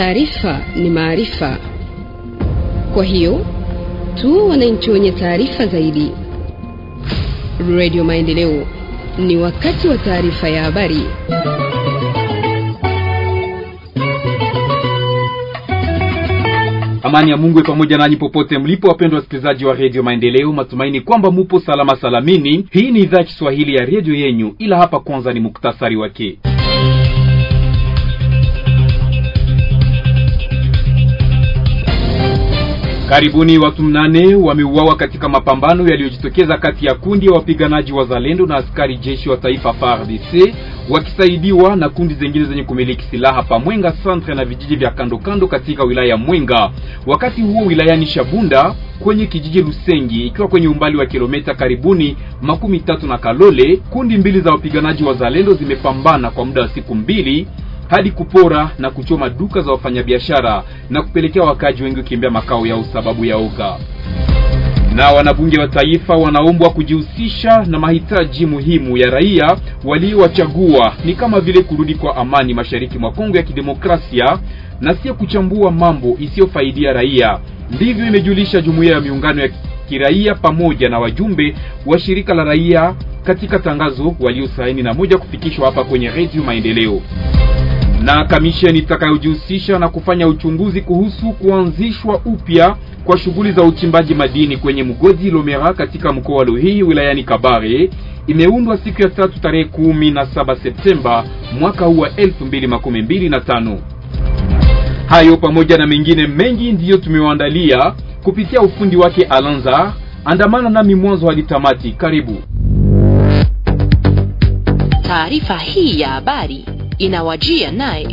taarifa ni maarifa. Kwa hiyo tu wananchi wenye taarifa zaidi. Radio Maendeleo, ni wakati wa taarifa ya habari. Amani ya Mungu pamoja nanyi popote mlipo, wapendwa wasikilizaji wa redio Maendeleo, matumaini kwamba mupo salama salamini. Hii ni idhaa ya Kiswahili ya redio yenyu, ila hapa kwanza ni muktasari wake. Karibuni watu mnane wameuawa katika mapambano yaliyojitokeza kati ya kundi ya wapiganaji wa zalendo na askari jeshi wa taifa FARDC wakisaidiwa na kundi zingine zenye kumiliki silaha pa Mwenga Centre na vijiji vya kando kando katika wilaya ya Mwenga. Wakati huo wilayani Shabunda kwenye kijiji Lusengi ikiwa kwenye umbali wa kilomita karibuni makumi tatu na Kalole, kundi mbili za wapiganaji wa zalendo zimepambana kwa muda wa siku mbili hadi kupora na kuchoma duka za wafanyabiashara na kupelekea wakaaji wengi kukimbia makao yao sababu ya uga. Na wanabunge wa taifa wanaombwa kujihusisha na mahitaji muhimu ya raia waliowachagua, ni kama vile kurudi kwa amani mashariki mwa Kongo ya Kidemokrasia na sio kuchambua mambo isiyofaidia raia. Ndivyo imejulisha jumuiya ya miungano ya kiraia pamoja na wajumbe wa shirika la raia katika tangazo waliosaini na moja kufikishwa hapa kwenye Radio Maendeleo. Na kamisheni itakayojihusisha na kufanya uchunguzi kuhusu kuanzishwa upya kwa shughuli za uchimbaji madini kwenye mgodi Lomera katika mkoa wa Luhii wilayani Kabare imeundwa siku ya tatu tarehe kumi na saba Septemba mwaka huu wa elfu mbili makumi mbili na tano. Hayo pamoja na mengine mengi ndiyo tumewaandalia kupitia ufundi wake Alanza. Andamana nami mwanzo hadi tamati. Karibu taarifa hii ya habari inawajia naye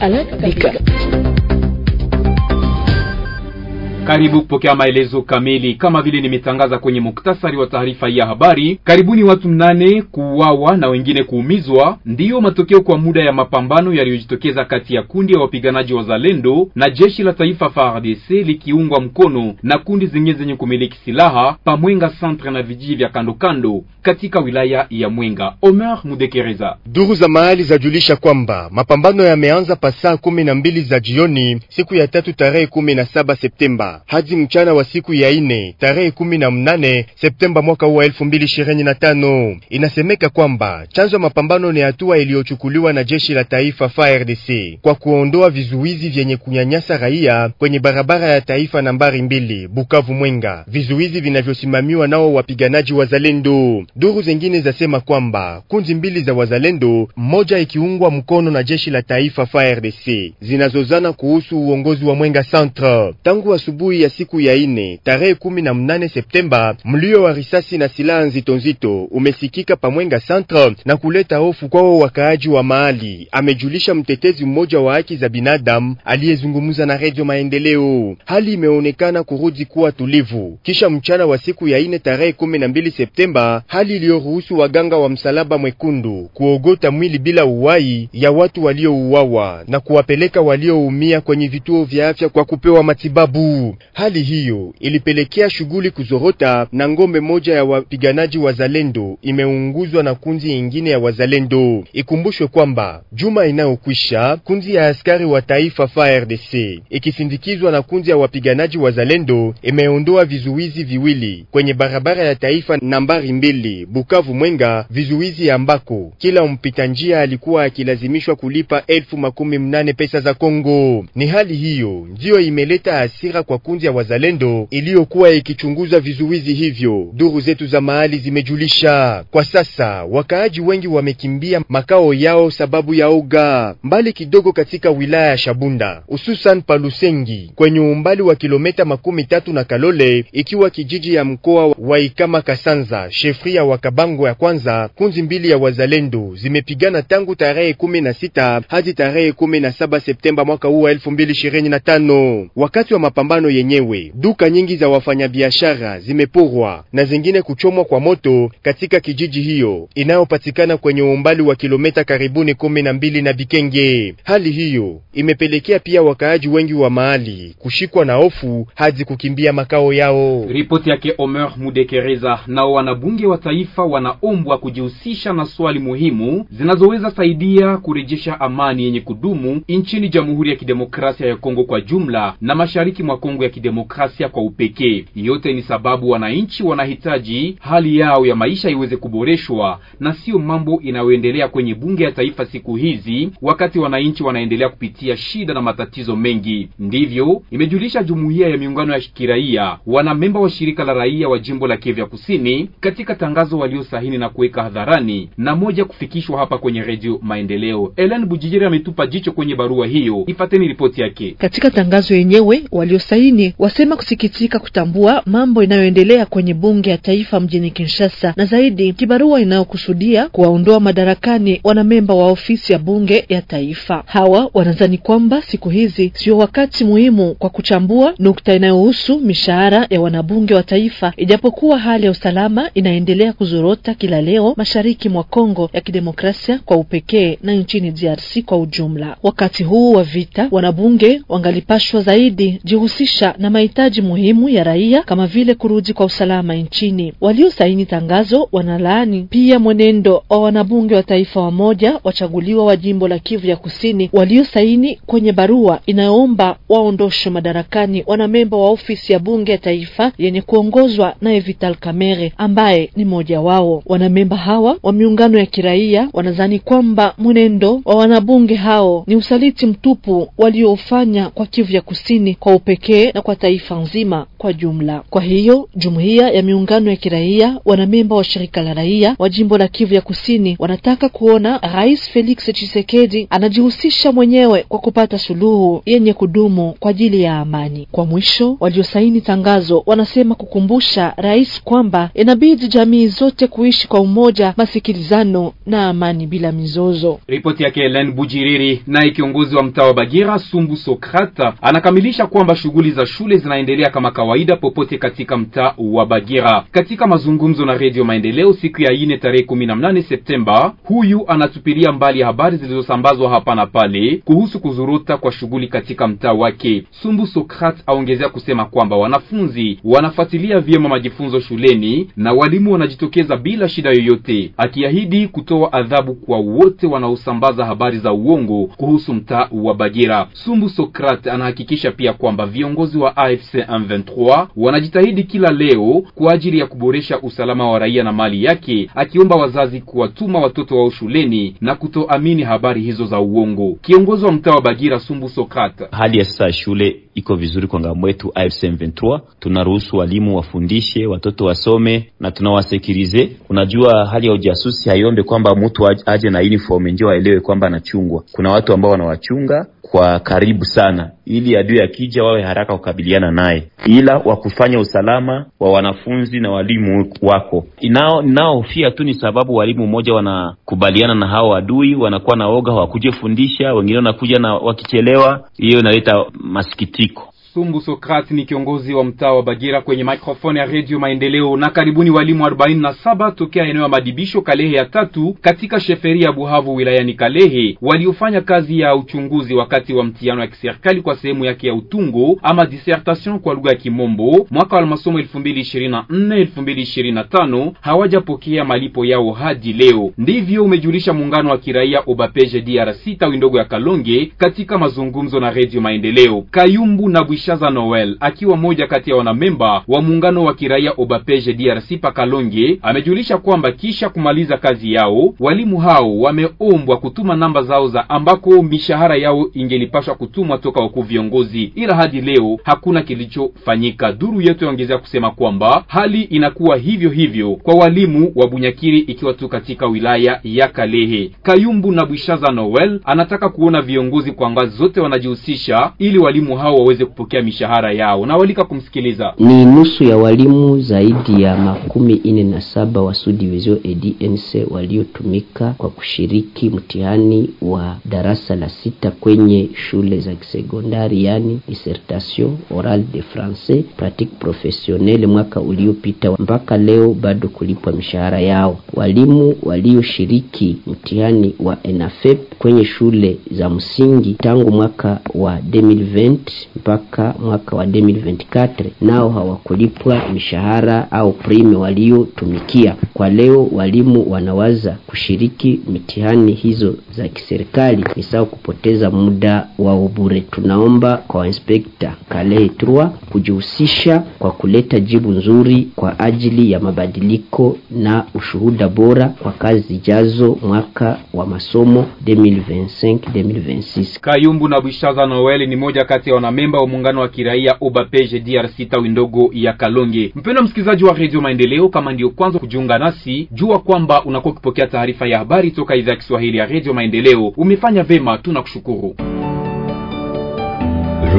karibu kupokea maelezo kamili. Kama vile nimetangaza kwenye muktasari wa taarifa ya habari, karibuni watu mnane kuuawa na wengine kuumizwa, ndiyo matokeo kwa muda ya mapambano yaliyojitokeza kati ya kundi ya wapiganaji wa Zalendo na jeshi la taifa FARDC likiungwa mkono na kundi zingine zenye kumiliki silaha Pamwenga Centre na vijiji vya kandokando katika wilaya ya Mwenga. Omer Mudekereza. Duru za mahali zajulisha kwamba mapambano yameanza pasaa kumi na mbili za jioni siku ya tatu tarehe kumi na saba Septemba hadi mchana wa siku ya ine tarehe kumi na mnane Septemba mwaka wa elfu mbili ishirini na tano. Inasemeka kwamba chanzo ya mapambano ni hatua iliyochukuliwa na jeshi la taifa FARDC kwa kuondoa vizuizi vyenye kunyanyasa raia kwenye barabara ya taifa nambari mbili Bukavu Mwenga, vizuizi vinavyosimamiwa nao wapiganaji wazalendo. Duru zengine zasema kwamba kundi mbili za wazalendo, moja ikiungwa mkono na jeshi la taifa FARDC, zinazozana kuhusu uongozi wa Mwenga Centre tangu asubuhi asubuhi ya siku ya ine tarehe kumi na mnane Septemba, mlio wa risasi na silaha nzito nzito umesikika pamwenga centre na kuleta hofu kwao wakaaji wa mahali, amejulisha mtetezi mmoja wa haki za binadamu aliyezungumza na redio Maendeleo. Hali imeonekana kurudi kuwa tulivu kisha mchana wa siku ya ine tarehe kumi na mbili Septemba, hali iliyoruhusu waganga wa msalaba mwekundu kuogota mwili bila uwai ya watu waliouawa na kuwapeleka walioumia kwenye vituo vya afya kwa kupewa matibabu. Hali hiyo ilipelekea shughuli kuzorota na ngome moja ya wapiganaji wazalendo imeunguzwa na kundi nyingine ya wazalendo. Ikumbushwe kwamba juma inayokwisha kundi ya askari wa taifa FARDC ikisindikizwa na kundi ya wapiganaji wazalendo imeondoa vizuizi viwili kwenye barabara ya taifa nambari mbili Bukavu Mwenga, vizuizi ambako kila mpita njia alikuwa akilazimishwa kulipa elfu makumi mnane pesa za Kongo. Ni hali hiyo ndiyo imeleta hasira kwa makundi ya wazalendo iliyokuwa ikichunguza vizuizi hivyo, duru zetu za mahali zimejulisha. Kwa sasa wakaaji wengi wamekimbia makao yao sababu ya oga, mbali kidogo katika wilaya ya Shabunda, hususan Palusengi, kwenye umbali wa kilomita makumi tatu na Kalole, ikiwa kijiji ya mkoa wa Ikama Kasanza, shefria wa Kabango ya kwanza. Kunzi mbili ya wazalendo zimepigana tangu tarehe sita hadi tarehe 17 Septemba mwaka huu wa 2025 wakati wa mapambano mapigano yenyewe. Duka nyingi za wafanyabiashara zimeporwa na zingine kuchomwa kwa moto katika kijiji hiyo inayopatikana kwenye umbali wa kilomita karibuni kumi na mbili na Bikenge. Hali hiyo imepelekea pia wakaaji wengi wa mahali kushikwa na hofu hadi kukimbia makao yao. Ripoti yake Omer Mudekereza. Nao wanabunge wa taifa wanaombwa kujihusisha na swali muhimu zinazoweza saidia kurejesha amani yenye kudumu nchini Jamhuri ya Kidemokrasia ya Kongo kwa jumla na mashariki mwa Kongo Kongo ya Kidemokrasia kwa upekee. Yote ni sababu wananchi wanahitaji hali yao ya maisha iweze kuboreshwa, na sio mambo inayoendelea kwenye bunge ya taifa siku hizi, wakati wananchi wanaendelea kupitia shida na matatizo mengi. Ndivyo imejulisha jumuiya ya miungano ya kiraia, wana memba wa shirika la raia wa jimbo la Kivu Kusini, katika tangazo waliosahini na kuweka hadharani na moja kufikishwa hapa kwenye redio Maendeleo. Ellen Bujijiri ametupa jicho kwenye barua hiyo, ifateni ripoti yake katika tangazo yenyewe waliosahini serikalini wasema kusikitika kutambua mambo inayoendelea kwenye bunge ya taifa mjini Kinshasa, na zaidi kibarua inayokusudia kuwaondoa madarakani wanamemba wa ofisi ya bunge ya taifa. Hawa wanadhani kwamba siku hizi sio wakati muhimu kwa kuchambua nukta inayohusu mishahara ya wanabunge wa taifa, ijapokuwa hali ya usalama inaendelea kuzorota kila leo mashariki mwa Kongo ya Kidemokrasia kwa upekee na nchini DRC kwa ujumla. Wakati huu wa vita, wanabunge wangalipashwa zaidi jihusisha maisha na mahitaji muhimu ya raia kama vile kurudi kwa usalama nchini. Waliosaini tangazo wanalaani pia mwenendo wa wanabunge wa taifa wamoja wachaguliwa wa jimbo la Kivu ya Kusini waliosaini kwenye barua inayoomba waondoshwe madarakani wanamemba wa ofisi ya bunge ya taifa yenye kuongozwa naye Vital Kamerhe ambaye ni mmoja wao. Wanamemba hawa wa miungano ya kiraia wanazani kwamba mwenendo wa wanabunge hao ni usaliti mtupu waliofanya kwa Kivu ya Kusini kwa upekee na kwa taifa nzima kwa jumla. Kwa hiyo jumuiya ya miungano ya kiraia, wanamemba wa shirika la raia wa jimbo la Kivu ya Kusini wanataka kuona Rais Felix Tshisekedi anajihusisha mwenyewe kwa kupata suluhu yenye kudumu kwa ajili ya amani. Kwa mwisho, waliosaini tangazo wanasema kukumbusha rais kwamba inabidi jamii zote kuishi kwa umoja, masikilizano na amani bila mizozo. Ripoti yake Helen Bujiriri. Naye kiongozi wa mtaa wa Bagira Sumbu Sokrata anakamilisha kwamba shughuli za shule zinaendelea kama kawaida popote katika mtaa wa Bagira. Katika mazungumzo na Redio Maendeleo siku ya ine tarehe 18 Septemba, huyu anatupilia mbali habari zilizosambazwa hapa na pale kuhusu kuzorota kwa shughuli katika mtaa wake. Sumbu Sokrat aongezea kusema kwamba wanafunzi wanafuatilia vyema majifunzo shuleni na walimu wanajitokeza bila shida yoyote, akiahidi kutoa adhabu kwa wote wanaosambaza habari za uongo kuhusu mtaa wa Bagira. Sumbu Sokrat anahakikisha pia kwamba viongozi viongozi wa AFC M23 wanajitahidi kila leo kwa ajili ya kuboresha usalama wa raia na mali yake, akiomba wazazi kuwatuma watoto wao shuleni na kutoamini habari hizo za uongo. Kiongozi wa mtaa wa Bagira Sumbu Sokata: hali ya sasa ya shule iko vizuri kwa ngambo yetu AFC M23, tunaruhusu walimu wafundishe watoto wasome na tunawasekirize. Unajua hali ya ujasusi haiombe kwamba mtu aje na uniform ndio aelewe kwamba anachungwa. Kuna watu ambao wanawachunga kwa karibu sana, ili adui akija wawe haraka kukabiliana naye, ila wa kufanya usalama wa wanafunzi na walimu wako. Inaohofia tu ni sababu walimu mmoja wanakubaliana na hao adui, wanakuwa na oga wakuje fundisha, wengine wanakuja na wakichelewa, hiyo inaleta masikitiko. Sumbu Sokrati ni kiongozi wa mtaa wa Bagira kwenye microphone ya Radio Maendeleo. Na karibuni walimu 47 tokea eneo ya madibisho Kalehe ya tatu katika sheferi ya Buhavu wilayani Kalehe waliofanya kazi ya uchunguzi wakati wa mtihano ya kiserikali kwa sehemu yake ya utungo ama dissertation kwa lugha ya Kimombo mwaka wa masomo 2024 2025, hawajapokea malipo yao hadi leo. Ndivyo umejulisha muungano wa kiraia Obapeje DRC tawi ndogo ya Kalonge katika mazungumzo na Radio Maendeleo. Kayumbu na Bwisha za Noel akiwa mmoja kati ya wanamemba wa muungano wa kiraia Obapeje DRC Pakalonge amejulisha kwamba kisha kumaliza kazi yao walimu hao wameombwa kutuma namba zao za ambako mishahara yao ingelipashwa kutumwa toka wakuu viongozi, ila hadi leo hakuna kilichofanyika. Duru yetu yaongezea kusema kwamba hali inakuwa hivyo hivyo kwa walimu wa Bunyakiri ikiwa tu katika wilaya ya Kalehe. Kayumbu na Bwishaza Noel anataka kuona viongozi kwa ngazi zote wanajihusisha ili walimu hao waweze kupokea kupokea mishahara yao. Nawalika kumsikiliza. Ni nusu ya walimu zaidi ya makumi ine na saba wa Sud Division EDNC waliotumika kwa kushiriki mtihani wa darasa la sita kwenye shule za kisekondari, yani dissertation oral de français pratique professionnelle mwaka uliopita, mpaka leo bado kulipwa mishahara yao. Walimu walioshiriki mtihani wa ENAFEP kwenye shule za msingi tangu mwaka wa 2020 mpaka mwaka mwaka wa 2024 nao hawakulipwa mishahara au prime waliotumikia. Kwa leo walimu wanawaza kushiriki mitihani hizo za kiserikali ni sawa kupoteza muda wao bure. Tunaomba kwa inspekta Kalehe Trua kujihusisha kwa kuleta jibu nzuri kwa ajili ya mabadiliko na ushuhuda bora kwa kazi zijazo mwaka wa masomo 2025 2026. Kayumbu na Bishaza Noel ni moja kati ya wanamemba wa muungano wa kiraia Obapeje DRC tawi ndogo ya Kalonge. Mpendwa msikilizaji wa Radio Maendeleo, kama ndio kwanza kujiunga nasi, jua kwamba unakuwa ukipokea taarifa ya habari toka idhaa ya Kiswahili ya Radio Maendeleo. Umefanya vema, tunakushukuru.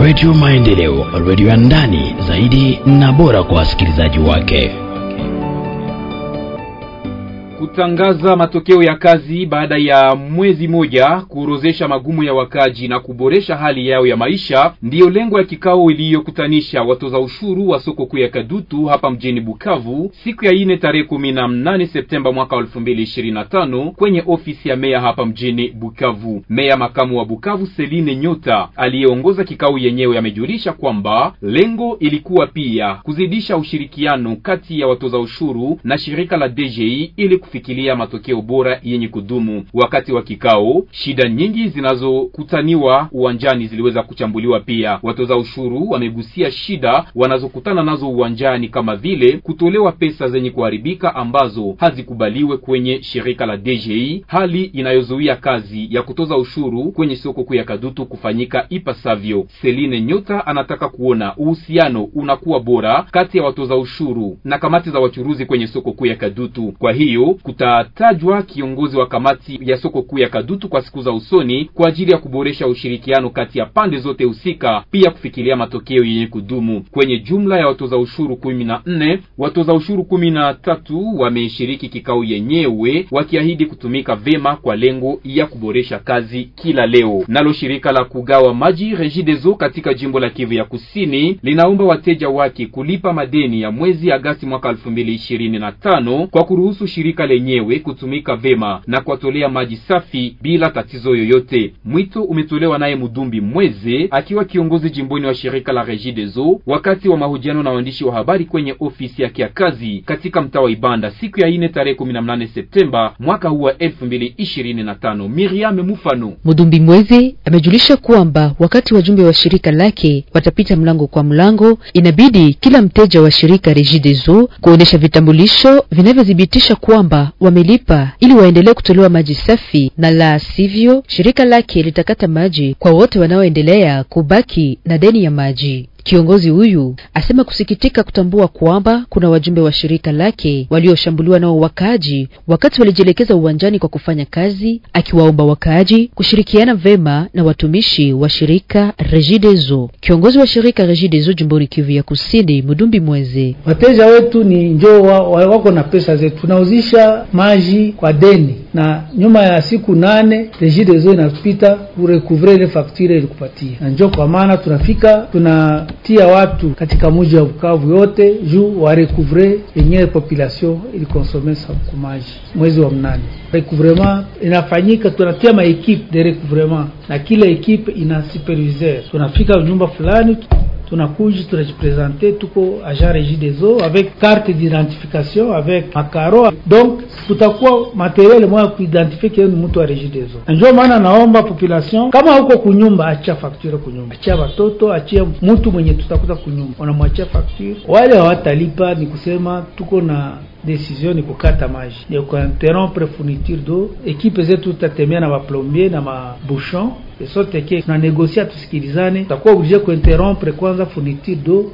Radio Maendeleo, radio ya ndani zaidi na bora kwa wasikilizaji wake kutangaza matokeo ya kazi baada ya mwezi moja, kuorozesha magumu ya wakaji na kuboresha hali yao ya maisha, ndiyo lengo ya kikao iliyokutanisha watoza ushuru wa soko kuu ya Kadutu hapa mjini Bukavu siku ya ine tarehe kumi na mnane Septemba mwaka elfu mbili ishirini na tano kwenye ofisi ya meya hapa mjini Bukavu. Meya makamu wa Bukavu Seline Nyota aliyeongoza kikao yenyewe amejulisha kwamba lengo ilikuwa pia kuzidisha ushirikiano kati ya watoza ushuru na shirika la DJI ili kufikilia matokeo bora yenye kudumu. Wakati wa kikao, shida nyingi zinazokutaniwa uwanjani ziliweza kuchambuliwa. Pia watoza ushuru wamegusia shida wanazokutana nazo uwanjani kama vile kutolewa pesa zenye kuharibika ambazo hazikubaliwe kwenye shirika la DGI, hali inayozuia kazi ya kutoza ushuru kwenye soko kuu ya Kadutu kufanyika ipasavyo. Seline Nyota anataka kuona uhusiano unakuwa bora kati ya watoza ushuru na kamati za wachuruzi kwenye soko kuu ya Kadutu. Kwa hiyo kutatajwa kiongozi wa kamati ya soko kuu ya Kadutu kwa siku za usoni kwa ajili ya kuboresha ushirikiano kati ya pande zote husika, pia kufikiria matokeo yenye kudumu. Kwenye jumla ya watoza ushuru kumi na nne, watoza ushuru kumi na tatu wameshiriki kikao yenyewe wakiahidi kutumika vema kwa lengo ya kuboresha kazi kila leo. Nalo shirika la kugawa maji Regideso katika jimbo la Kivu ya Kusini linaomba wateja wake kulipa madeni ya mwezi Agasti mwaka 2025 kwa kuruhusu shirika lenyewe kutumika vema na kuwatolea maji safi bila tatizo yoyote. Mwito umetolewa naye Mudumbi Mweze akiwa kiongozi jimboni wa shirika la Regideso wakati wa mahojiano na waandishi wa habari kwenye ofisi yake ya kazi katika mtaa wa Ibanda siku ya ine tarehe kumi na mnane Septemba mwaka huu wa tano. Miriam Mufano Mudumbi Mweze amejulisha kwamba wakati wajumbe wa shirika lake watapita mlango kwa mlango, inabidi kila mteja wa shirika Regideso kuonyesha vitambulisho vinavyothibitisha kwamba kwamba wamelipa ili waendelee kutolewa maji safi, na la sivyo shirika lake litakata maji kwa wote wanaoendelea kubaki na deni ya maji. Kiongozi huyu asema kusikitika kutambua kwamba kuna wajumbe wa shirika lake walioshambuliwa nao wakaaji wakati walijielekeza uwanjani kwa kufanya kazi, akiwaomba wakaaji kushirikiana vema na watumishi wa shirika Regideso. Kiongozi wa shirika Regideso jumboni Kivu ya Kusini, Mudumbi Mweze: wateja wetu ni njo wa, wa, wako na pesa zetu, tunauzisha maji kwa deni, na nyuma ya siku nane Regideso inapita kurekuvre ile faktire ilikupatia na njo kwa maana tunafika tuna tia watu katika muji wa Bukavu yote juu warecouvre yenyewe population ilikonsome sakumaji mwezi wa mnane. Recouvrement inafanyika, tunatia maekipe de recouvrement na kila ekipe ina superviseur, tunafika nyumba fulani tunakuja tunajipresente, tuko agent regi des eaux avec carte d'identification avec makaro, donc kutakuwa materiel moya kuidentifie keni mtu wa regi des eaux. Ndio maana naomba population, kama huko kunyumba, achia fakture kunyumba, achia watoto, achia mtu mwenye tutakuta kunyumba, unamwachia fakture. Wale hawatalipa ni kusema tuko na decision ni Il maji interrompre kuinterrompre fourniture d'eau. Ekipe zetu qui na maplombier na ce esote tunanegosia, tusikilizane, tutakuwa obligé kuinterrompre kwanza fourniture d'eau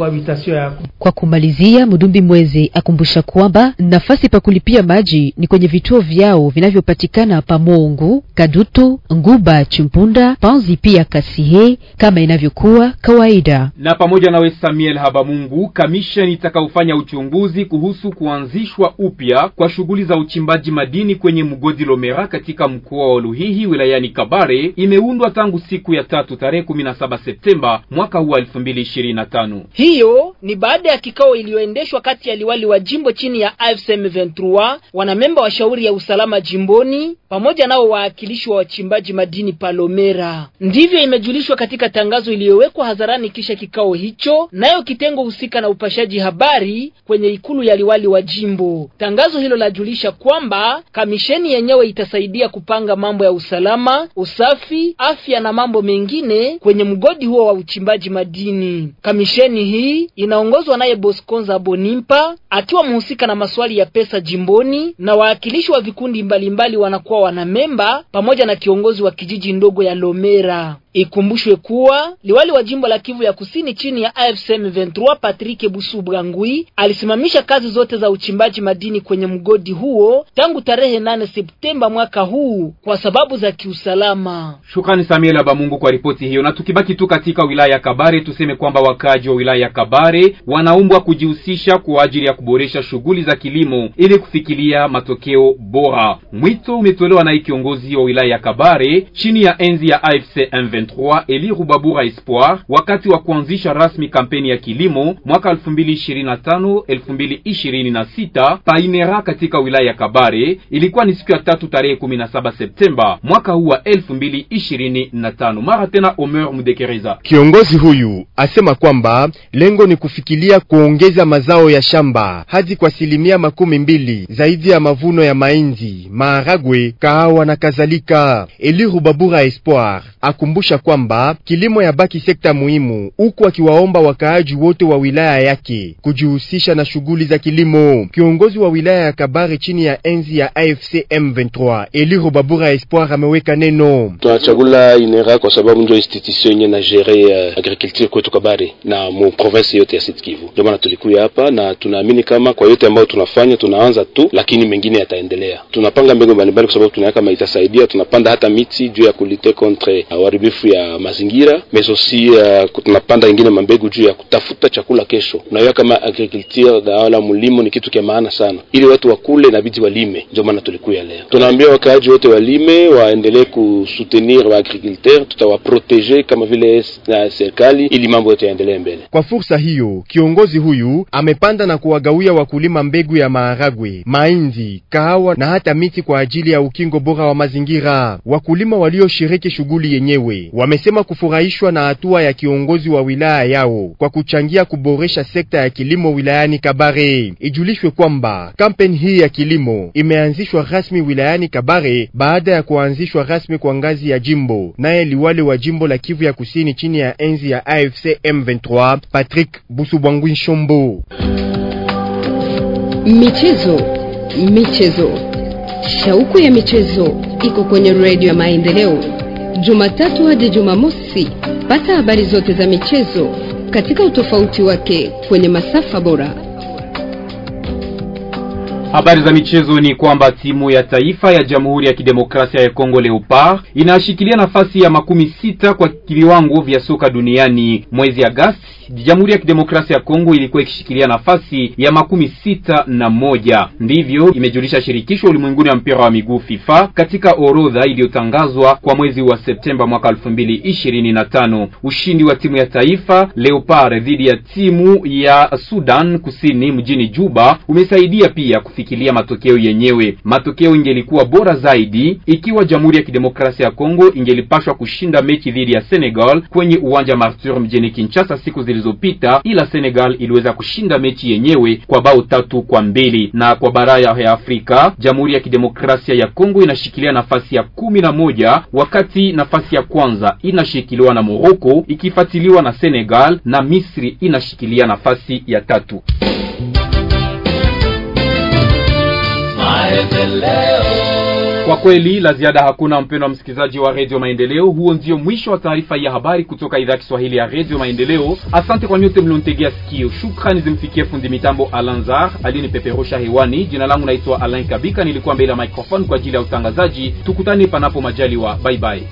habitasio yako. Kwa kumalizia, Mdumbi Mwezi akumbusha kwamba nafasi pa kulipia maji ni kwenye vituo vyao vinavyopatikana pa Mongu, Kadutu, Nguba, Chumpunda, Panzi pia Kasihe kama inavyokuwa kawaida. Na pamoja nawe Samuel Habamungu, kamisheni itakaofanya uchunguzi kuhusu kuanzishwa upya kwa shughuli za uchimbaji madini kwenye mgodi Lomera katika mkoa wa Luhihi wilayani Kabare imeundwa tangu siku ya tatu tarehe 17 Septemba mwaka huu 2025. Hiyo ni baada ya kikao iliyoendeshwa kati ya liwali wa jimbo chini ya AFC/M23, wanamemba wa shauri ya usalama jimboni pamoja nao waakilishi wa wachimbaji madini Palomera. Ndivyo imejulishwa katika tangazo iliyowekwa hadharani kisha kikao hicho, nayo kitengo husika na upashaji habari kwenye ikulu ya liwali wa jimbo. Tangazo hilo lajulisha kwamba kamisheni yenyewe itasaidia kupanga mambo ya usalama, usafi, afya na mambo mengine kwenye mgodi huo wa uchimbaji madini. Kamisheni hii inaongozwa naye Bosconza Bonimpa akiwa mhusika na maswali ya pesa jimboni, na waakilishi wa vikundi mbalimbali mbali wanakuwa wana memba pamoja na kiongozi wa kijiji ndogo ya Lomera. Ikumbushwe kuwa liwali wa jimbo la Kivu ya Kusini chini ya AFC M23 Patrick Busu Bwangui alisimamisha kazi zote za uchimbaji madini kwenye mgodi huo tangu tarehe 8 Septemba mwaka huu kwa sababu za kiusalama. Shukrani Samuel Abamungu kwa ripoti hiyo. Na tukibaki tu katika wilaya ya Kabare, tuseme kwamba wakaji wa wilaya ya Kabare wanaombwa kujihusisha kwa ajili ya kuboresha shughuli za kilimo ili kufikilia matokeo bora. Mwito umetolewa na kiongozi wa wilaya ya Kabare chini ya enzi ya AFC M23. 2023 Eli Rubabura Espoir wakati wa kuanzisha rasmi kampeni ya kilimo mwaka 2025 2026 Painera katika wilaya ya Kabare. Ilikuwa ni siku ya tatu tarehe 17 Septemba mwaka huu wa 2025. Mara tena Omer Mudekereza, kiongozi huyu asema kwamba lengo ni kufikilia kuongeza mazao ya shamba hadi kwa asilimia makumi mbili zaidi ya mavuno ya mahindi, maharagwe, kahawa na kadhalika. Eli Rubabura Espoir akumbusha kuhakikisha kwamba kilimo ya baki sekta muhimu, huku akiwaomba wakaaji wote wa wilaya yake kujihusisha na shughuli za kilimo. Kiongozi wa wilaya ya Kabare chini ya enzi ya AFC M23 Eli Robabura Espoir ameweka neno, tunachagula inera kwa sababu ndio institution yenye na gere eh, agriculture kwetu Kabare na mu province yote ya Sud Kivu. Ndio maana tulikuya hapa na tunaamini kama kwa yote ambayo tunafanya tunaanza tu, lakini mengine yataendelea. Tunapanga mbegu mbalimbali kwa sababu tunaweka kama itasaidia. Tunapanda hata miti juu ya kulite contre uharibifu uchafu ya mazingira mesosi. Uh, tunapanda ingine mambegu juu ya kutafuta chakula kesho. Unajua kama agriculture na mlimo ni kitu kia maana sana, ili watu wakule inabidi walime. Ndio maana tulikuya leo, tunaambia wakaaji wote walime, waendelee kusutenir wa agriculteur, tutawaprotege kama vile na serikali, ili mambo yote yaendelee mbele. Kwa fursa hiyo, kiongozi huyu amepanda na kuwagawia wakulima mbegu ya maharagwe, mahindi, kahawa na hata miti kwa ajili ya ukingo bora wa mazingira. Wakulima walioshiriki shughuli yenyewe wamesema kufurahishwa na hatua ya kiongozi wa wilaya yao kwa kuchangia kuboresha sekta ya kilimo wilayani Kabare. Ijulishwe kwamba kampeni hii ya kilimo imeanzishwa rasmi wilayani Kabare baada ya kuanzishwa rasmi kwa ngazi ya jimbo, naye liwali wa jimbo la Kivu ya Kusini chini ya enzi ya AFC M23 Patrick Busubwangu Nshombo. Michezo, michezo, shauku ya michezo iko kwenye redio ya Maendeleo Jumatatu hadi Jumamosi, pata habari zote za michezo katika utofauti wake kwenye masafa bora. Habari za michezo ni kwamba timu ya taifa ya Jamhuri ya Kidemokrasia ya Kongo Leopard inashikilia nafasi ya makumi sita kwa viwango vya soka duniani. Mwezi Agasti Jamhuri ya Kidemokrasia ya Kongo ilikuwa ikishikilia nafasi ya makumi sita na moja. Ndivyo imejulisha shirikisho ulimwenguni ya mpira wa miguu FIFA katika orodha iliyotangazwa kwa mwezi wa Septemba mwaka na tano Ushindi wa timu ya taifa Leopard dhidi ya timu ya Sudan Kusini mjini Juba umesaidia pia kufikilia matokeo yenyewe. Matokeo ingelikuwa bora zaidi ikiwa Jamhuri ya Kidemokrasia ya Kongo ingelipashwa kushinda mechi dhidi ya Senegal kwenye uwanja Martyr mjini Kinshasa siku zilizopita, ila Senegal iliweza kushinda mechi yenyewe kwa bao tatu kwa mbili. Na kwa bara ya Afrika, Jamhuri ya Kidemokrasia ya Kongo inashikilia nafasi ya kumi na moja wakati nafasi ya kwanza inashikiliwa na Morocco ikifuatiliwa na Senegal na Misri inashikilia nafasi ya tatu. Kwa kweli la ziada hakuna, mpendo wa msikilizaji wa redio Maendeleo. Huo ndio mwisho wa taarifa ya habari kutoka idhaa Kiswahili ya redio Maendeleo. Asante kwa nyote mliontegea sikio. Shukrani zimfikie fundi mitambo Alanzar aliyenipeperusha hewani. Jina langu naitwa Alain Kabika, nilikuwa mbele ya microfone kwa ajili ya utangazaji. Tukutane panapo majaliwa, baibai.